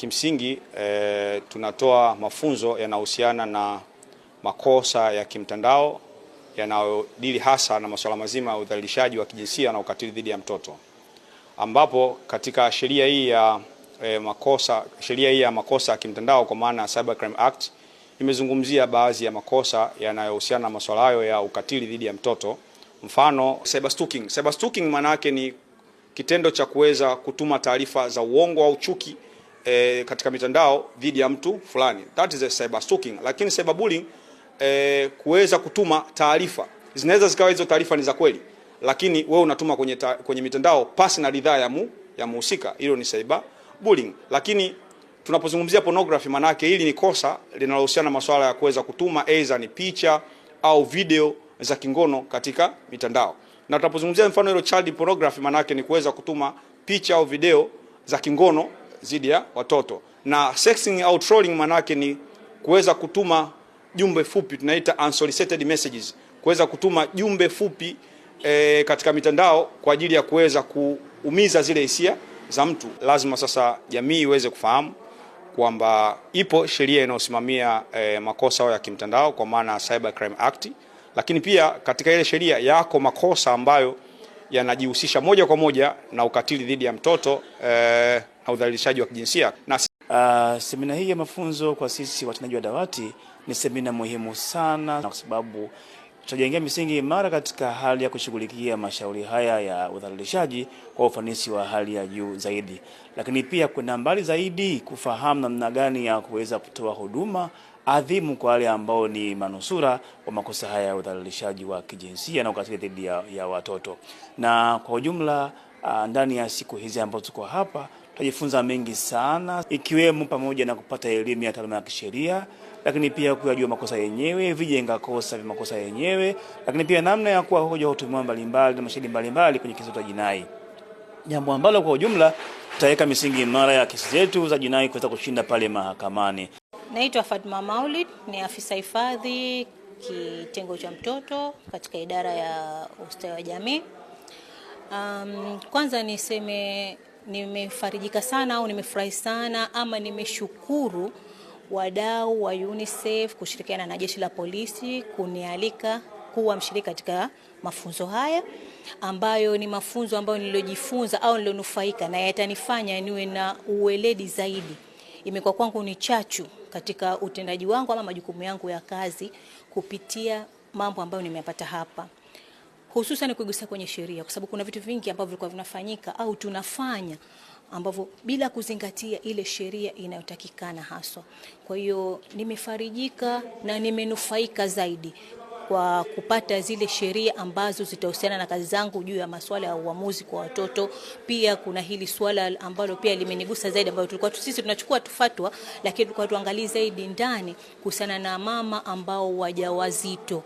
Kimsingi e, tunatoa mafunzo yanayohusiana na makosa ya kimtandao yanayodili hasa na masuala mazima ya udhalilishaji wa kijinsia na ukatili dhidi ya mtoto, ambapo katika sheria hii ya e, makosa sheria hii ya makosa ya kimtandao kwa maana ya Cyber Crime Act imezungumzia baadhi ya makosa yanayohusiana na masuala hayo ya ukatili dhidi ya mtoto, mfano cyber stalking. Cyber stalking maana yake ni kitendo cha kuweza kutuma taarifa za uongo au chuki e, katika mitandao dhidi ya mtu fulani, that is a cyber stalking. Lakini cyber bullying e, kuweza kutuma taarifa, zinaweza zikawa hizo taarifa ni za kweli, lakini wewe unatuma kwenye, ta, kwenye mitandao pasi na ridhaa ya mu, ya muhusika, hilo ni cyber bullying. Lakini tunapozungumzia pornography, manake hili ni kosa linalohusiana na masuala ya kuweza kutuma aidha ni picha au video za kingono katika mitandao, na tunapozungumzia mfano hilo child pornography, manake ni kuweza kutuma picha au video za kingono dhidi ya watoto. Na sexting au trolling manake ni kuweza kutuma jumbe fupi, tunaita unsolicited messages, kuweza kutuma jumbe fupi e, katika mitandao kwa ajili ya kuweza kuumiza zile hisia za mtu. Lazima sasa jamii iweze kufahamu kwamba ipo sheria inayosimamia e, makosa ya kimtandao kwa maana Cyber Crime Act, lakini pia katika ile sheria yako makosa ambayo yanajihusisha moja kwa moja na ukatili dhidi ya mtoto eh, na udhalilishaji wa kijinsia na... Uh, semina hii ya mafunzo kwa sisi watendaji wa dawati ni semina muhimu sana kwa sababu tutajengea misingi imara katika hali ya kushughulikia mashauri haya ya udhalilishaji kwa ufanisi wa hali ya juu zaidi, lakini pia kwenda mbali zaidi kufahamu namna gani ya kuweza kutoa huduma adhimu kwa wale ambao ni manusura wa makosa haya ya udhalilishaji wa kijinsia na ukatili dhidi ya, ya watoto. Na kwa ujumla ah, ndani ya siku hizi ambazo tuko hapa tajifunza mengi sana, ikiwemo pamoja na kupata elimu ya taaluma ya kisheria, lakini pia kuyajua makosa yenyewe, vijenga kosa vya makosa yenyewe, lakini pia namna ya kuwa hoja watumiwa mbalimbali na mashahidi mbalimbali kwenye kesi za jinai, jambo ambalo kwa ujumla tutaweka misingi imara ya kesi zetu za jinai kuweza kushinda pale mahakamani. Naitwa Fatma Maulid, ni afisa hifadhi kitengo cha mtoto katika idara ya ustawi wa jamii. Um, kwanza niseme nimefarijika sana au nimefurahi sana ama nimeshukuru wadau wa UNICEF kushirikiana na jeshi la polisi kunialika kuwa mshiriki katika mafunzo haya ambayo ni mafunzo ambayo niliojifunza au nilionufaika na yatanifanya niwe na uweledi zaidi. Imekuwa kwangu ni chachu katika utendaji wangu ama majukumu yangu ya kazi kupitia mambo ambayo nimepata hapa hususan kuigusia kwenye sheria, kwa sababu kuna vitu vingi ambavyo vilikuwa vinafanyika au tunafanya ambavyo bila kuzingatia ile sheria inayotakikana haswa. Kwa hiyo nimefarijika na nimenufaika zaidi kwa kupata zile sheria ambazo zitahusiana na kazi zangu juu ya masuala ya uamuzi kwa watoto. Pia kuna hili swala ambalo pia limenigusa zaidi, ambayo tulikuwa sisi tunachukua tufatwa, lakini tulikuwa tuangalie zaidi ndani kuhusiana na mama ambao wajawazito.